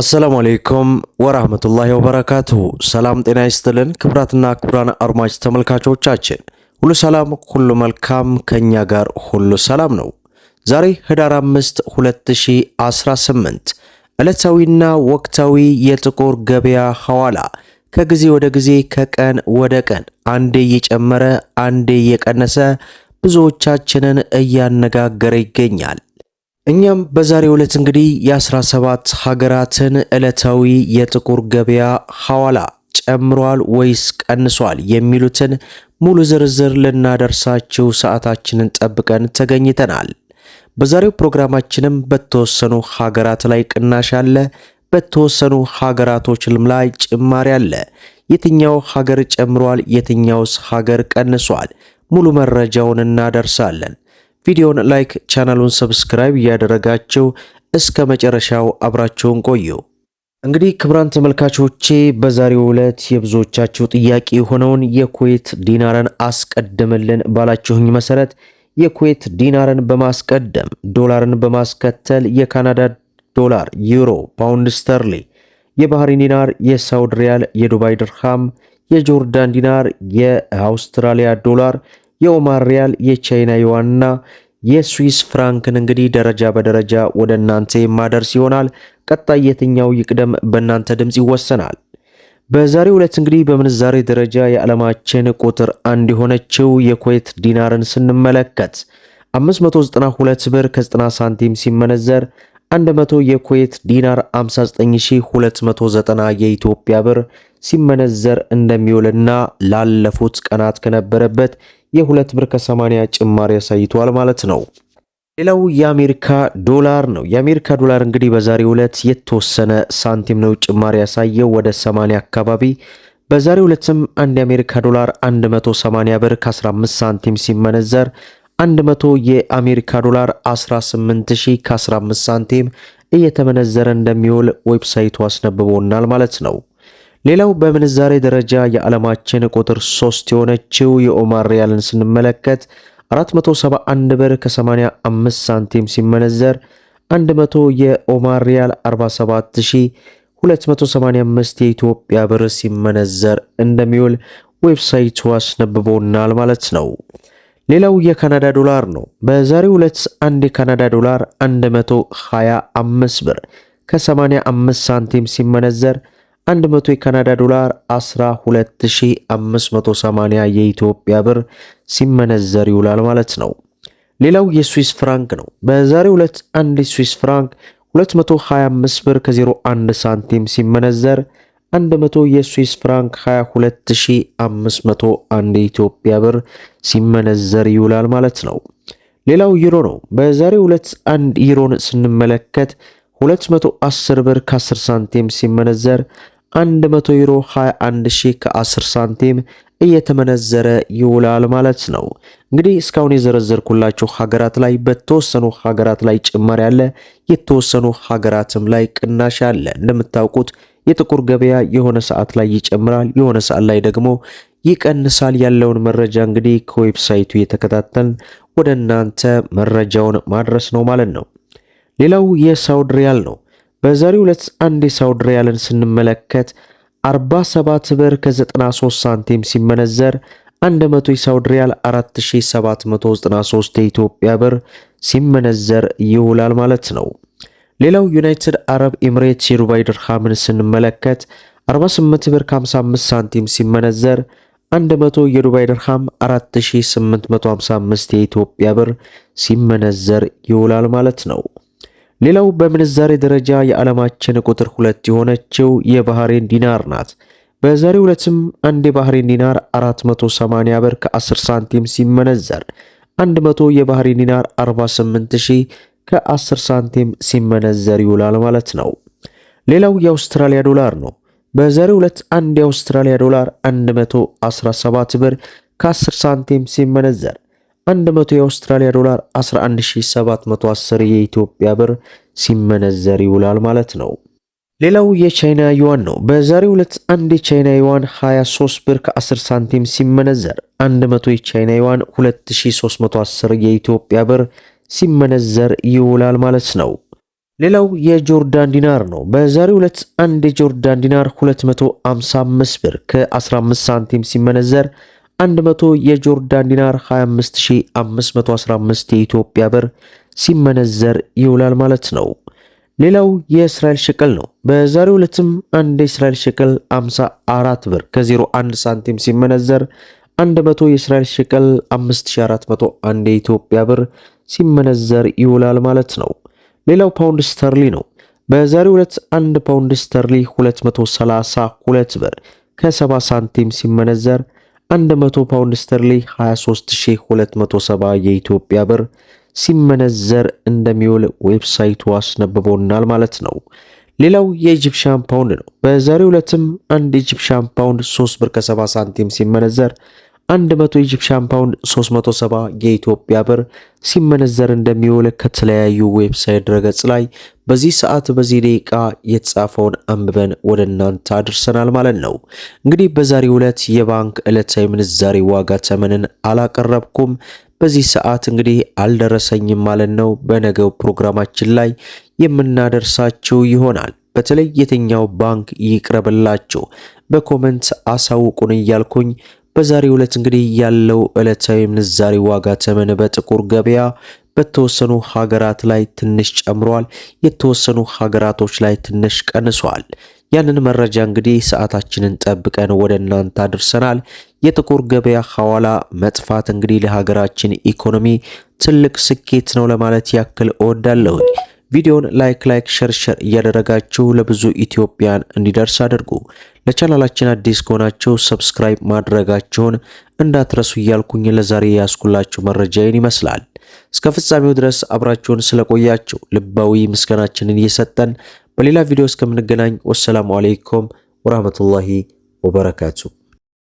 አሰላሙ አሌይኩም ወራህመቱላሂ ወበረካቱሁ። ሰላም ጤና ይስጥልን ክብራትና ክብራን አድማጭ ተመልካቾቻችን ሁሉ ሰላም ሁሉ መልካም፣ ከኛ ጋር ሁሉ ሰላም ነው። ዛሬ ህዳር 5 2018 ዕለታዊና ወቅታዊ የጥቁር ገበያ ሐዋላ ከጊዜ ወደ ጊዜ ከቀን ወደ ቀን አንዴ እየጨመረ አንዴ እየቀነሰ ብዙዎቻችንን እያነጋገረ ይገኛል። እኛም በዛሬው ዕለት እንግዲህ የ17 ሀገራትን ዕለታዊ የጥቁር ገበያ ሐዋላ ጨምሯል ወይስ ቀንሷል የሚሉትን ሙሉ ዝርዝር ልናደርሳችሁ ሰዓታችንን ጠብቀን ተገኝተናል። በዛሬው ፕሮግራማችንም በተወሰኑ ሀገራት ላይ ቅናሽ አለ፣ በተወሰኑ ሀገራቶችም ላይ ጭማሪ አለ። የትኛው ሀገር ጨምሯል? የትኛውስ ሀገር ቀንሷል? ሙሉ መረጃውን እናደርሳለን። ቪዲዮን ላይክ፣ ቻናሉን ሰብስክራይብ እያደረጋችሁ እስከ መጨረሻው አብራችሁን ቆዩ። እንግዲህ ክብራን ተመልካቾቼ በዛሬው ዕለት የብዙዎቻችሁ ጥያቄ የሆነውን የኩዌት ዲናርን አስቀድምልን ባላችሁኝ መሰረት የኩዌት ዲናርን በማስቀደም ዶላርን በማስከተል የካናዳ ዶላር፣ ዩሮ፣ ፓውንድ ስተርሊ፣ የባህሪን ዲናር፣ የሳውድ ሪያል፣ የዱባይ ድርሃም፣ የጆርዳን ዲናር፣ የአውስትራሊያ ዶላር የኦማር ሪያል፣ የቻይና ዩዋንና የስዊስ ፍራንክን እንግዲህ ደረጃ በደረጃ ወደ እናንተ የማደርስ ይሆናል። ቀጣይ የትኛው ይቅደም በእናንተ ድምፅ ይወሰናል። በዛሬው ዕለት እንግዲህ በምንዛሬ ደረጃ የዓለማችን ቁጥር አንድ የሆነችው የኩዌት ዲናርን ስንመለከት 592 ብር ከ90 ሳንቲም ሲመነዘር 100 የኩዌት ዲናር 59290 የኢትዮጵያ ብር ሲመነዘር እንደሚውልና ላለፉት ቀናት ከነበረበት የሁለት ብር ከ80 ጭማሪ አሳይቷል ማለት ነው። ሌላው የአሜሪካ ዶላር ነው። የአሜሪካ ዶላር እንግዲህ በዛሬው ዕለት የተወሰነ ሳንቲም ነው ጭማሪ ያሳየው ወደ 80 አካባቢ። በዛሬው ዕለትም አንድ የአሜሪካ ዶላር 180 ብር ከ15 ሳንቲም ሲመነዘር 100 የአሜሪካ ዶላር 18000 ከ15 ሳንቲም እየተመነዘረ እንደሚውል ዌብሳይቱ አስነብቦናል ማለት ነው። ሌላው በምንዛሬ ደረጃ የዓለማችን ቁጥር 3 የሆነችው የኦማር ሪያልን ስንመለከት 471 ብር ከ85 ሳንቲም ሲመነዘር 100 የኦማር ሪያል 47285 የኢትዮጵያ ብር ሲመነዘር እንደሚውል ዌብሳይቱ አስነብቦናል ማለት ነው። ሌላው የካናዳ ዶላር ነው። በዛሬው ዕለት አንድ የካናዳ ዶላር 125 ብር ከ85 ሳንቲም ሲመነዘር 100 የካናዳ ዶላር 12580 የኢትዮጵያ ብር ሲመነዘር ይውላል ማለት ነው። ሌላው የስዊስ ፍራንክ ነው። በዛሬው ዕለት አንድ ስዊስ ፍራንክ 225 ብር ከ01 ሳንቲም ሲመነዘር 100 የስዊስ ፍራንክ 22501 ኢትዮጵያ ብር ሲመነዘር ይውላል ማለት ነው። ሌላው ዩሮ ነው። በዛሬው ዕለት 1 ዩሮን ስንመለከት 210 ብር ከ10 ሳንቲም ሲመነዘር 100 ዩሮ 21 ሺህ ከ10 ሳንቲም እየተመነዘረ ይውላል ማለት ነው። እንግዲህ እስካሁን የዘረዘርኩላችሁ ሀገራት ላይ በተወሰኑ ሀገራት ላይ ጭማሪ አለ፣ የተወሰኑ ሀገራትም ላይ ቅናሽ አለ እንደምታውቁት የጥቁር ገበያ የሆነ ሰዓት ላይ ይጨምራል፣ የሆነ ሰዓት ላይ ደግሞ ይቀንሳል። ያለውን መረጃ እንግዲህ ከዌብሳይቱ የተከታተልን ወደ እናንተ መረጃውን ማድረስ ነው ማለት ነው። ሌላው የሳውድ ሪያል ነው። በዛሬው ዕለት አንድ የሳውድ ሪያልን ስንመለከት 47 ብር ከ93 ሳንቲም ሲመነዘር 100 የሳውድ ሪያል 4793 የኢትዮጵያ ብር ሲመነዘር ይውላል ማለት ነው። ሌላው ዩናይትድ አረብ ኤምሬትስ የዱባይ ድርሃምን ስንመለከት 48 ብር 55 ሳንቲም ሲመነዘር 100 የዱባይ ድርሃም 4855 የኢትዮጵያ ብር ሲመነዘር ይውላል ማለት ነው። ሌላው በምንዛሬ ደረጃ የዓለማችን ቁጥር ሁለት የሆነችው የባህሬን ዲናር ናት። በዛሬው ዕለትም አንድ የባህሬን ዲናር 480 ብር ከ10 ሳንቲም ሲመነዘር 100 የባህሬን ዲናር 48 ከ10 ሳንቲም ሲመነዘር ይውላል ማለት ነው። ሌላው የአውስትራሊያ ዶላር ነው። በዛሬው ዕለት አንድ የአውስትራሊያ ዶላር 117 ብር ከ10 ሳንቲም ሲመነዘር 100 የአውስትራሊያ ዶላር 11710 የኢትዮጵያ ብር ሲመነዘር ይውላል ማለት ነው። ሌላው የቻይና ዩዋን ነው። በዛሬው ዕለት አንድ የቻይና ዩዋን 23 ብር ከ10 ሳንቲም ሲመነዘር 100 የቻይና ዩዋን 2310 የኢትዮጵያ ብር ሲመነዘር ይውላል ማለት ነው። ሌላው የጆርዳን ዲናር ነው። በዛሬው ዕለት አንድ የጆርዳን ዲናር 255 ብር ከ15 ሳንቲም ሲመነዘር 100 የጆርዳን ዲናር 25515 የኢትዮጵያ ብር ሲመነዘር ይውላል ማለት ነው። ሌላው የእስራኤል ሽቅል ነው። በዛሬው ዕለትም አንድ የእስራኤል ሽቅል 54 ብር ከ01 ሳንቲም ሲመነዘር 100 የእስራኤል ሽቅል 5401 የኢትዮጵያ ብር ሲመነዘር ይውላል ማለት ነው። ሌላው ፓውንድ ስተርሊ ነው። በዛሬው ዕለት አንድ ፓውንድ ስተርሊ 232 ብር ከ70 ሳንቲም ሲመነዘር 100 ፓውንድ ስተርሊ 23270 የኢትዮጵያ ብር ሲመነዘር እንደሚውል ዌብሳይቱ አስነብቦናል ማለት ነው። ሌላው የኢጂፕሽያን ፓውንድ ነው። በዛሬው ዕለትም አንድ ኢጂፕሽያን ፓውንድ 3 ብር ከ70 ሳንቲም ሲመነዘር 100 ኢጂፕሽያን ፓውንድ 370 የኢትዮጵያ ብር ሲመነዘር እንደሚውል ከተለያዩ ዌብሳይት ድረገጽ ላይ በዚህ ሰዓት በዚህ ደቂቃ የተጻፈውን አንብበን ወደ እናንተ አድርሰናል ማለት ነው። እንግዲህ በዛሬው ዕለት የባንክ ዕለታዊ ምንዛሬ ዋጋ ተመንን አላቀረብኩም። በዚህ ሰዓት እንግዲህ አልደረሰኝም ማለት ነው። በነገው ፕሮግራማችን ላይ የምናደርሳችሁ ይሆናል። በተለይ የትኛው ባንክ ይቅረብላችሁ በኮመንት አሳውቁን እያልኩኝ በዛሬው ዕለት እንግዲህ ያለው ዕለታዊ ምንዛሬ ዋጋ ተመን በጥቁር ገበያ በተወሰኑ ሀገራት ላይ ትንሽ ጨምሯል፣ የተወሰኑ ሀገራቶች ላይ ትንሽ ቀንሷል። ያንን መረጃ እንግዲህ ሰዓታችንን ጠብቀን ወደ እናንተ አድርሰናል። የጥቁር ገበያ ሐዋላ መጥፋት እንግዲህ ለሀገራችን ኢኮኖሚ ትልቅ ስኬት ነው ለማለት ያክል እወዳለሁኝ። ቪዲዮውን ላይክ ላይክ ሸር ሸር እያደረጋችሁ ለብዙ ኢትዮጵያን እንዲደርስ አድርጉ። ለቻናላችን አዲስ ከሆናችሁ ሰብስክራይብ ማድረጋችሁን እንዳትረሱ እያልኩኝ ለዛሬ ያስኩላችሁ መረጃዬን ይመስላል። እስከ ፍጻሜው ድረስ አብራችሁን ስለቆያችሁ ልባዊ ምስጋናችንን እየሰጠን በሌላ ቪዲዮ እስከምንገናኝ ወሰላሙ አሌይኩም ወራህመቱላሂ ወበረካቱ።